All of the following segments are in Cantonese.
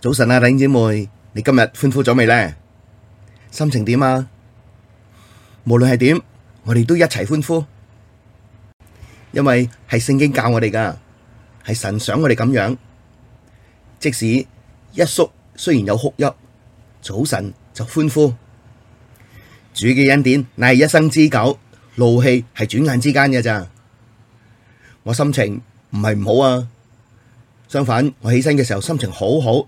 早晨啊，弟兄姐妹，你今日歡呼咗未咧？心情點啊？無論係點，我哋都一齊歡呼，因為係聖經教我哋噶，係神想我哋咁樣。即使一宿雖然有哭泣，早晨就歡呼。主嘅恩典乃係一生之久，怒氣係轉眼之間嘅咋。我心情唔係唔好啊，相反我起身嘅時候心情好好。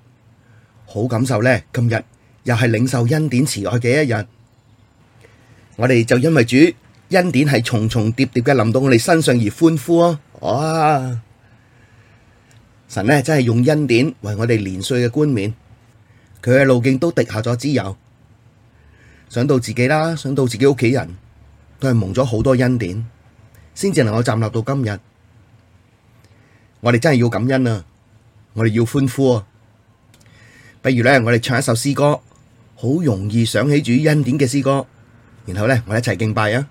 好感受咧！今日又係領受恩典慈愛嘅一日，我哋就因為主恩典係重重疊疊嘅臨到我哋身上而歡呼哦、啊！哇！神咧真係用恩典為我哋年歲嘅冠冕，佢嘅路徑都滴下咗脂油。想到自己啦，想到自己屋企人，都係蒙咗好多恩典，先至能夠站立到今日。我哋真係要感恩啊！我哋要歡呼啊！不如咧，我哋唱一首詩歌，好容易想起主恩典嘅詩歌，然後咧，我哋一齊敬拜啊！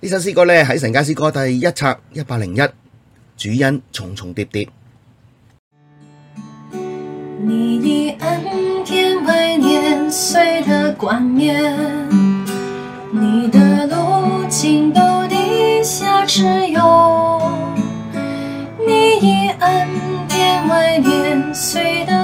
呢首詩歌咧喺《神家詩歌》第一冊一百零一，主恩重重疊疊。你的恩典為年歲的冠冕，你的路徑都滴下脂油，你的恩典為年歲的。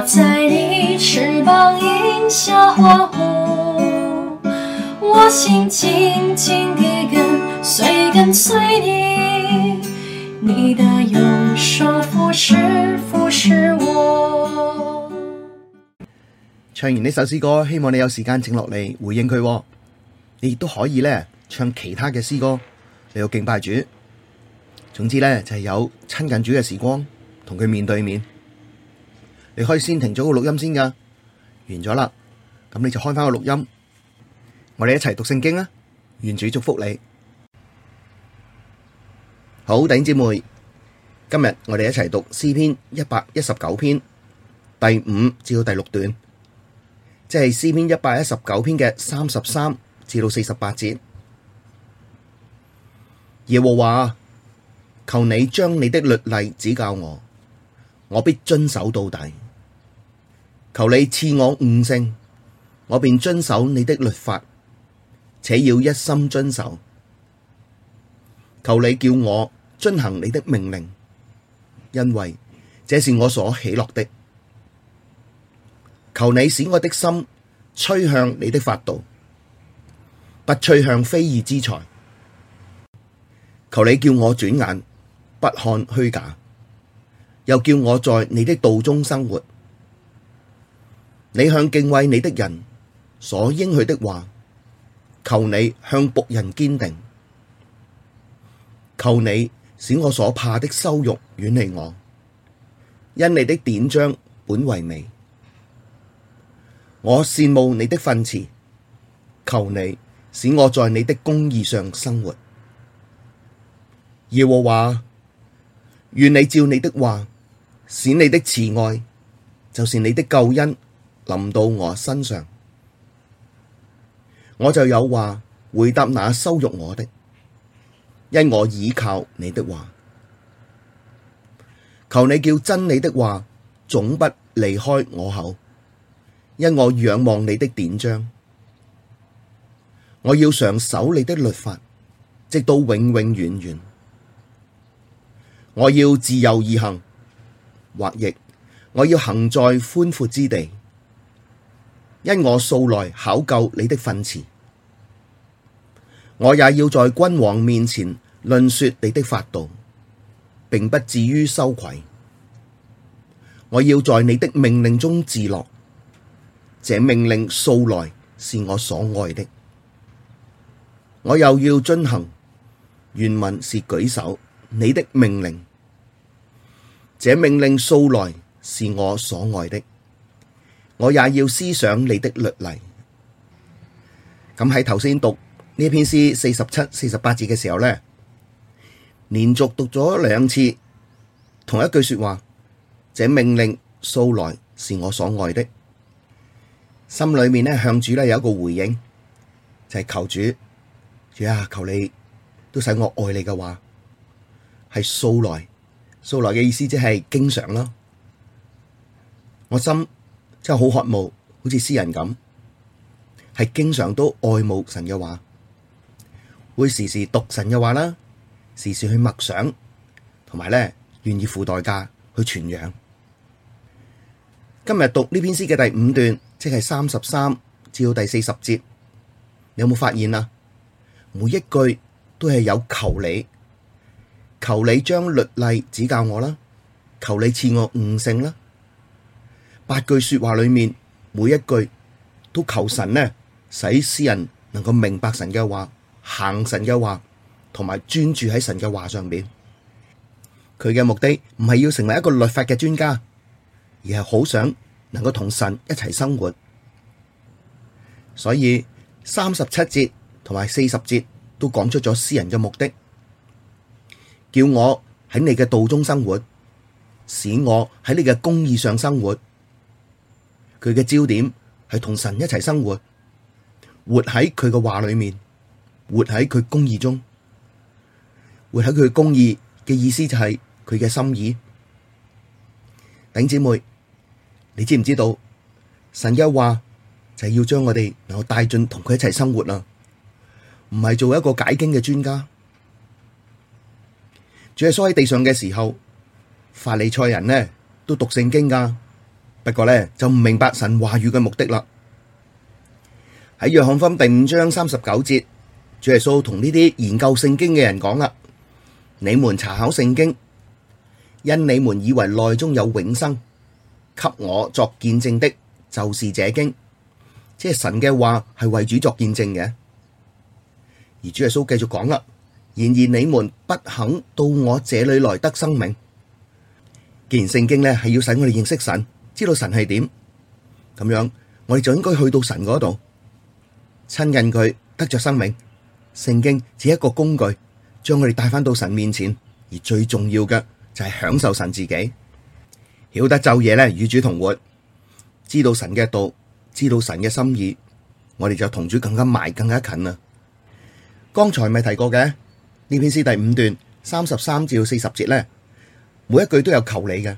我在你翅膀蔭下歡呼，我心緊緊跟隨跟隨你，你的右手扶持扶持我。唱完呢首詩歌，希望你有時間靜落嚟回應佢。你亦都可以咧唱其他嘅詩歌嚟到敬拜主。總之咧就係、是、有親近主嘅時光，同佢面對面。你可以先停咗個錄音先噶，完咗啦，咁你就開翻個錄音，我哋一齊讀聖經啊！願主祝福你。好，弟兄姊妹，今日我哋一齊讀詩篇一百一十九篇第五至到第六段，即係詩篇一百一十九篇嘅三十三至到四十八節。耶和華，求你將你的律例指教我，我必遵守到底。求你賜我悟性，我便遵守你的律法，且要一心遵守。求你叫我遵行你的命令，因為這是我所喜樂的。求你使我的心趨向你的法度，不趨向非義之財。求你叫我轉眼不看虛假，又叫我在你的道中生活。你向敬畏你的人所應許的話，求你向僕人堅定，求你使我所怕的羞辱遠離我，因你的典章本為美，我羨慕你的訓詞，求你使我在你的公義上生活。耶和華，願你照你的話，使你的慈愛就是你的救恩，臨到我身上，我就有話回答那羞辱我的，因我倚靠你的話，求你叫真理的話總不離開我口，因我仰望你的典章，我要常守你的律法，直到永永遠遠。我要自由而行，或譯我要行在寬闊之地。因我素來考究你的訓詞，我也要在君王面前論說你的法度，並不至於羞愧。我要在你的命令中自樂，這命令素來是我所愛的。我又要遵行，原文是舉手，你的命令，這命令素來是我所愛的。我也要思想你的律例。咁喺頭先讀呢篇詩四十七、四十八字嘅時候呢，連續讀咗兩次同一句說話：這命令素來是我所愛的。心裏面呢，向主呢有一個回應，就係、是、求主，主啊求你都使我愛你嘅話，係素來素來嘅意思即係經常咯。我心。真係好渴慕，好似詩人咁，係經常都愛慕神嘅話，會時時讀神嘅話啦，時時去默想，同埋咧願意付代價去傳揚。今日讀呢篇詩嘅第五段，即係三十三至到第四十節，你有冇發現啊？每一句都係有求你，求你將律例指教我啦，求你賜我悟性啦。八句說話裏面，每一句都求神呢，使詩人能夠明白神嘅話，行神嘅話，同埋專注喺神嘅話上面。佢嘅目的唔係要成為一個律法嘅專家，而係好想能夠同神一齊生活。所以三十七節同埋四十節都講出咗詩人嘅目的，叫我喺你嘅道中生活，使我喺你嘅公義上生活。佢嘅焦點係同神一齊生活，活喺佢嘅話裏面，活喺佢公義中，活喺佢公義嘅意思就係佢嘅心意。頂姐妹，你知唔知道神一話就係要將我哋能夠帶進同佢一齊生活啊？唔係做一個解經嘅專家。住喺縮喺地上嘅時候，法利賽人呢都讀聖經噶。不過咧就唔明白神話語嘅目的啦。喺約翰福音第五章三十九節，主耶穌同呢啲研究聖經嘅人講啦：你們查考聖經，因你們以為內中有永生，給我作見證的，就是這經。即係神嘅話係為主作見證嘅。而主耶穌繼續講啦：然而你們不肯到我這裏來得生命。既然聖經咧係要使我哋認識神。知道神係點咁樣，我哋就應該去到神嗰度，親近佢，得着生命。聖經只係一個工具，將我哋帶翻到神面前，而最重要嘅就係享受神自己，曉得晝夜咧與主同活，知道神嘅道，知道神嘅心意，我哋就同主更加埋，更加近啦。剛才咪提過嘅呢篇詩第五段三十三至四十節咧，每一句都有求你嘅。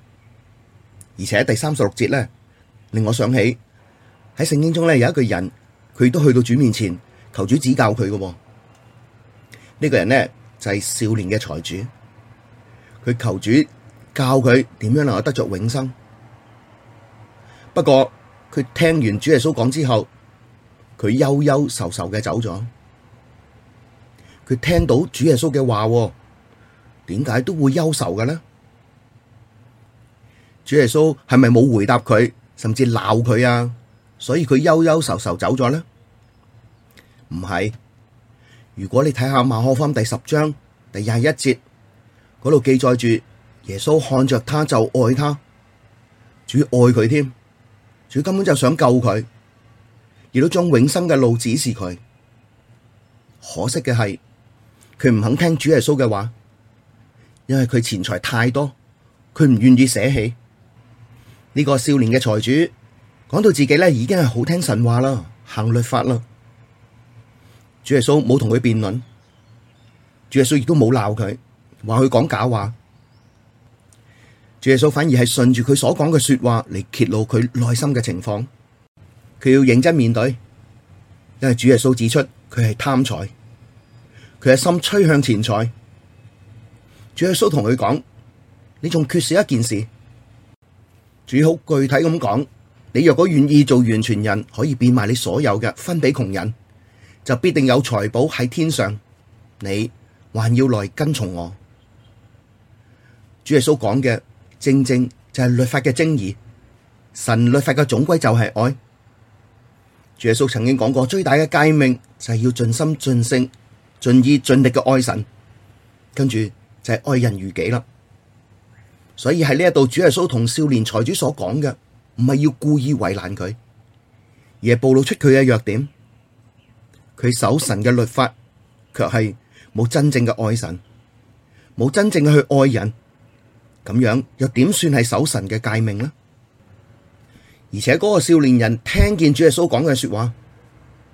而且第三十六節呢，令我想起喺聖經中咧有一個人，佢都去到主面前求主指教佢嘅。呢、呢個人呢，就係、是、少年嘅財主，佢求主教佢點樣能夠得着永生。不過佢聽完主耶穌講之後，佢憂憂愁愁嘅走咗。佢聽到主耶穌嘅話，點解都會憂愁嘅呢？主耶穌係咪冇回答佢，甚至鬧佢啊？所以佢憂憂愁愁走咗呢？唔係，如果你睇下馬可福音第十章第廿一節嗰度記載住，耶穌看着他就愛他，主愛佢添，主根本就想救佢，而都將永生嘅路指示佢。可惜嘅係，佢唔肯聽主耶穌嘅話，因為佢錢財太多，佢唔願意捨棄。呢個少年嘅財主講到自己咧，已經係好聽神話啦，行律法啦。主耶穌冇同佢辯論，主耶穌亦都冇鬧佢，話佢講假話。主耶穌反而係順住佢所講嘅說話嚟揭露佢內心嘅情況。佢要認真面對，因為主耶穌指出佢係貪財，佢嘅心趨向錢財。主耶穌同佢講：你仲缺少一件事。主好具體咁講，你若果願意做完全人，可以變賣你所有嘅分俾窮人，就必定有財寶喺天上。你還要來跟從我。主耶穌講嘅正正就係律法嘅爭議，神律法嘅總歸就係愛。主耶穌曾經講過，最大嘅誡命就係要盡心盡性盡意盡力嘅愛神，跟住就係愛人如己啦。所以喺呢一度，主耶穌同少年財主所講嘅，唔係要故意為難佢，而係暴露出佢嘅弱點。佢守神嘅律法，卻係冇真正嘅愛神，冇真正嘅去愛人，咁樣又點算係守神嘅誡命呢？而且嗰個少年人聽見主耶穌講嘅說話，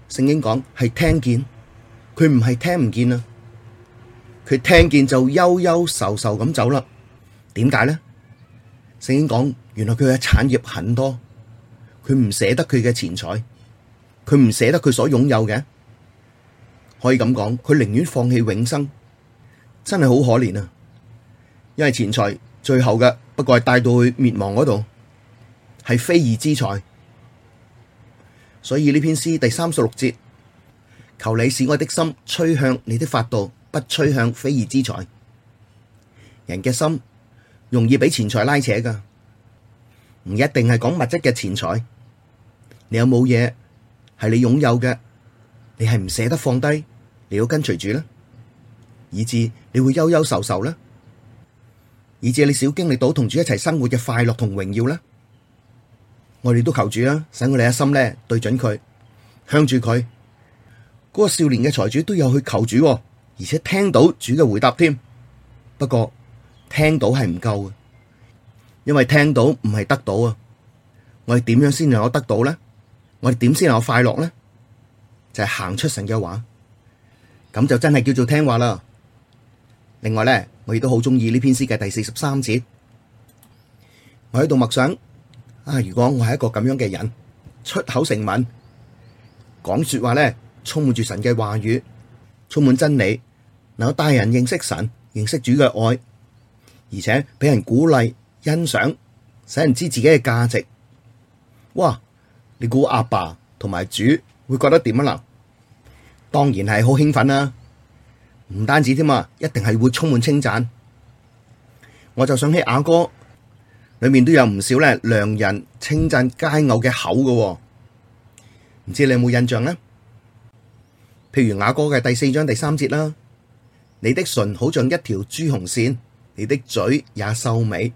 聖經講係聽見，佢唔係聽唔見啊，佢聽見就憂憂愁愁咁走啦。點解呢？聖經講，原來佢嘅產業很多，佢唔捨得佢嘅錢財，佢唔捨得佢所擁有嘅，可以咁講，佢寧願放棄永生，真係好可憐啊！因為錢財最後嘅，不過係帶到去滅亡嗰度，係非義之財。所以呢篇詩第三十六節，求你使我的心趨向你的法度，不趨向非義之財。人嘅心。容易俾錢財拉扯噶，唔一定係講物質嘅錢財。你有冇嘢係你擁有嘅？你係唔捨得放低，你要跟隨住咧，以至你會憂憂愁愁啦，以至你少經歷到同主一齊生活嘅快樂同榮耀啦。我哋都求主啦、啊，使我哋一心咧，對準佢，向住佢。嗰、嗰個少年嘅財主都有去求主、啊，而且聽到主嘅回答添。不過。聽到係唔夠嘅，因為聽到唔係得到啊！我哋點樣先能夠得到咧？我哋點先能夠快樂咧？就係行出神嘅話，咁就真係叫做聽話啦。另外咧，我亦都好中意呢篇詩嘅第四十三節，我喺度默想啊！如果我係一個咁樣嘅人，出口成文，講說話咧，充滿住神嘅話語，充滿真理，能夠帶人認識神、認識主嘅愛。而且俾人鼓勵欣賞，使人知自己嘅價值。哇！你估阿爸同埋主會覺得點啊？嗱，當然係好興奮啦，啊，唔單止添啊，一定係會充滿稱讚。我就想起雅歌，裏面都有唔少咧良人稱讚佳偶嘅口嘅，啊，唔知你有冇印象呢？譬如雅歌嘅第四章第三節啦，啊，你的唇好像一條朱紅線。你的嘴也秀美，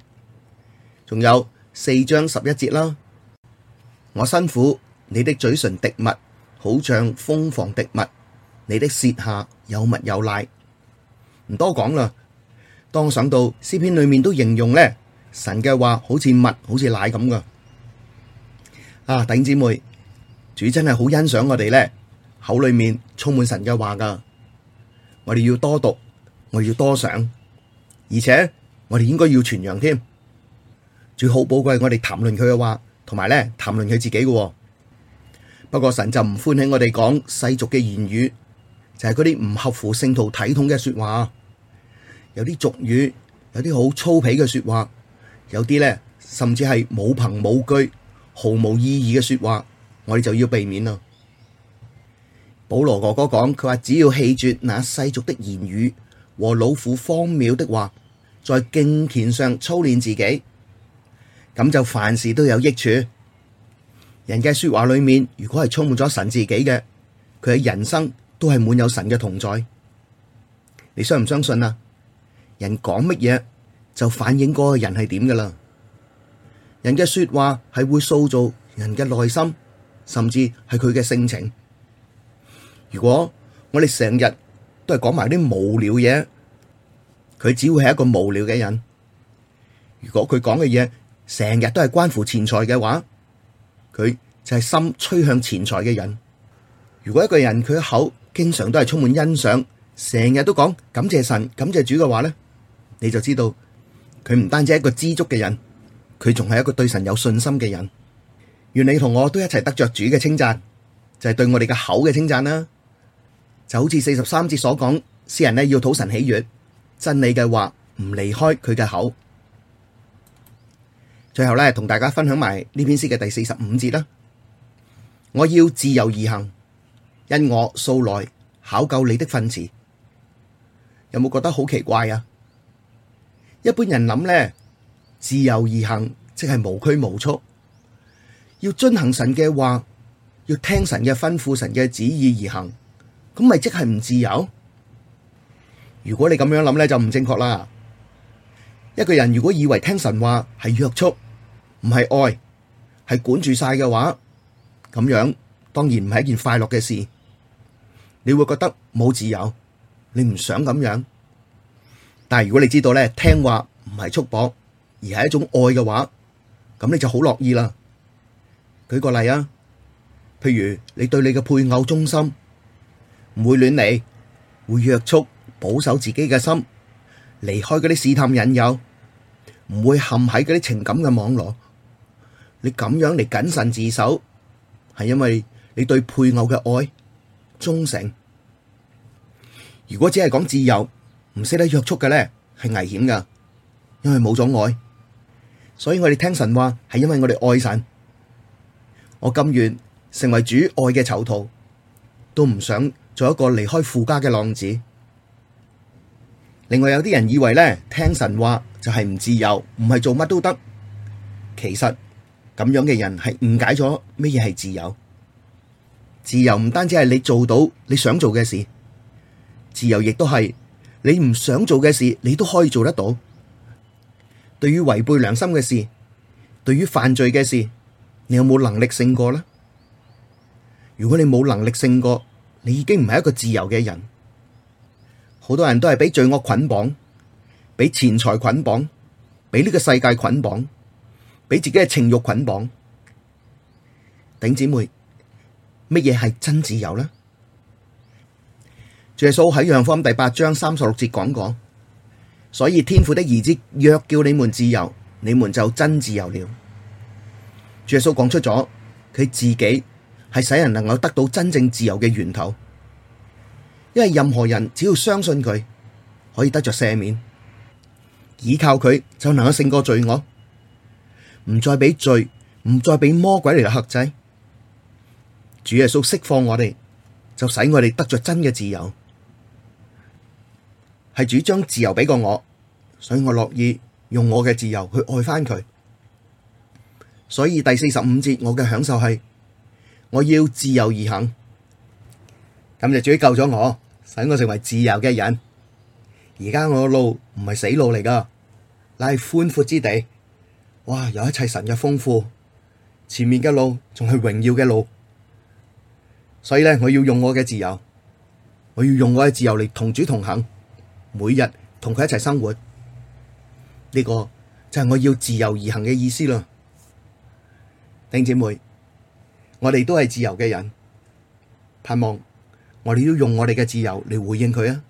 仲有四章十一節啦。我辛苦，你的嘴唇滴蜜，好像蜂房滴蜜。你的舌下有蜜有奶，唔多講啦。當想到詩篇裏面都形容呢神嘅話好似蜜，好似奶咁噶。啊，弟兄姊妹，主真係好欣賞我哋呢，口裏面充滿神嘅話噶。我哋要多讀，我要多想。而且我哋應該要傳揚添，最好寶貴係我哋談論佢嘅話，同埋咧談論佢自己嘅。不過神就唔歡喜我哋講世俗嘅言語，就係嗰啲唔合乎聖徒體統嘅說話，有啲俗語，有啲好粗鄙嘅說話，有啲咧甚至係冇憑冇據、毫無意義嘅說話，我哋就要避免啦。保羅哥哥講，佢話只要棄絕那世俗的言語和老婦荒渺的話。在敬虔上操練自己，咁就凡事都有益處。人嘅說話裏面，如果係充滿咗神自己嘅，佢喺人生都係滿有神嘅同在。你相唔相信啊？人講乜嘢就反映嗰個人係點㗎喇。人嘅說話係會塑造人嘅內心，甚至係佢嘅性情。如果我哋成日都係講埋啲無聊嘢。佢只會係一個無聊嘅人。如果佢講嘅嘢，成日都係關乎錢財嘅話，佢就係心趨向錢財嘅人。如果一個人佢口經常都係充滿欣賞，成日都講感謝神、感謝主嘅話咧，你就知道佢唔單止係一個知足嘅人，佢仲係一個對神有信心嘅人。願你同我都一齊得着主嘅稱讚，就係對我哋嘅口嘅稱讚啦。就好似四十三節所講，詩人呢要討神喜悅。真理嘅話唔離開佢嘅口。最後咧，同大家分享埋呢篇詩嘅第四十五節啦。我要自由而行，因我素來考究你的訓詞。有冇覺得好奇怪啊？一般人諗咧，自由而行即係無拘無束，要遵行神嘅話，要聽神嘅吩咐、神嘅旨意而行，咁咪即係唔自由？如果你咁樣諗咧，就唔正確啦。一個人如果以為聽神話係約束，唔係愛，係管住晒嘅話，咁樣當然唔係一件快樂嘅事。你會覺得冇自由，你唔想咁樣。但係如果你知道咧，聽話唔係束縛，而係一種愛嘅話，咁你就好樂意啦。舉個例啊，譬如你對你嘅配偶忠心，唔會亂嚟，會約束。保守自己嘅心，離開嗰啲試探引誘，唔會陷喺嗰啲情感嘅網絡。你咁樣嚟謹慎自守，係因為你對配偶嘅愛忠誠。如果只係講自由，唔識得約束嘅咧，係危險噶，因為冇咗愛。所以我哋聽神話，係因為我哋愛神。我甘願成為主愛嘅囚徒，都唔想做一個離開父家嘅浪子。另外有啲人以為咧聽神話就係唔自由，唔係做乜都得。其實咁樣嘅人係誤解咗乜嘢係自由。自由唔單止係你做到你想做嘅事，自由亦都係你唔想做嘅事你都可以做得到。對於違背良心嘅事，對於犯罪嘅事，你有冇能力勝過呢？如果你冇能力勝過，你已經唔係一個自由嘅人。好多人都係俾罪惡捆綁，俾錢財捆綁，俾呢個世界捆綁，俾自己嘅情欲捆綁。頂姐妹，乜嘢係真自由呢？主耶穌喺《約翰福音》第八章三十六節講過，所以天父的兒子若叫你們自由，你們就真自由了。主耶穌講出咗，佢自己係使人能夠得到真正自由嘅源頭。因為任何人只要相信佢，可以得着赦免，倚靠佢就能夠勝過罪惡，唔再畀罪，唔再畀魔鬼嚟克制。主耶穌釋放我哋，就使我哋得着真嘅自由。係主將自由畀過我，所以我樂意用我嘅自由去愛翻佢。所以第四十五節我嘅享受係，我要自由而行。咁就主救咗我，使我成為自由嘅人。而家我嘅路唔係死路嚟噶，乃係寬闊之地。哇！有一切神嘅豐富，前面嘅路仲係榮耀嘅路。所以咧，我要用我嘅自由，我要用我嘅自由嚟同主同行，每日同佢一齊生活。呢、這個就係我要自由而行嘅意思啦，弟兄姊妹，我哋都係自由嘅人，盼望。我哋都用我哋嘅自由嚟回應佢啊！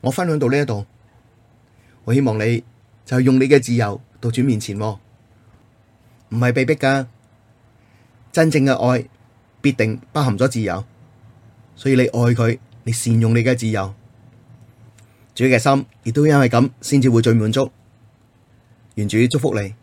我分享到呢一度，我希望你就用你嘅自由到主面前，啊，唔係被逼噶。真正嘅愛必定包含咗自由，所以你愛佢，你善用你嘅自由。主嘅心亦都因為咁，先至會最滿足。願主祝福你。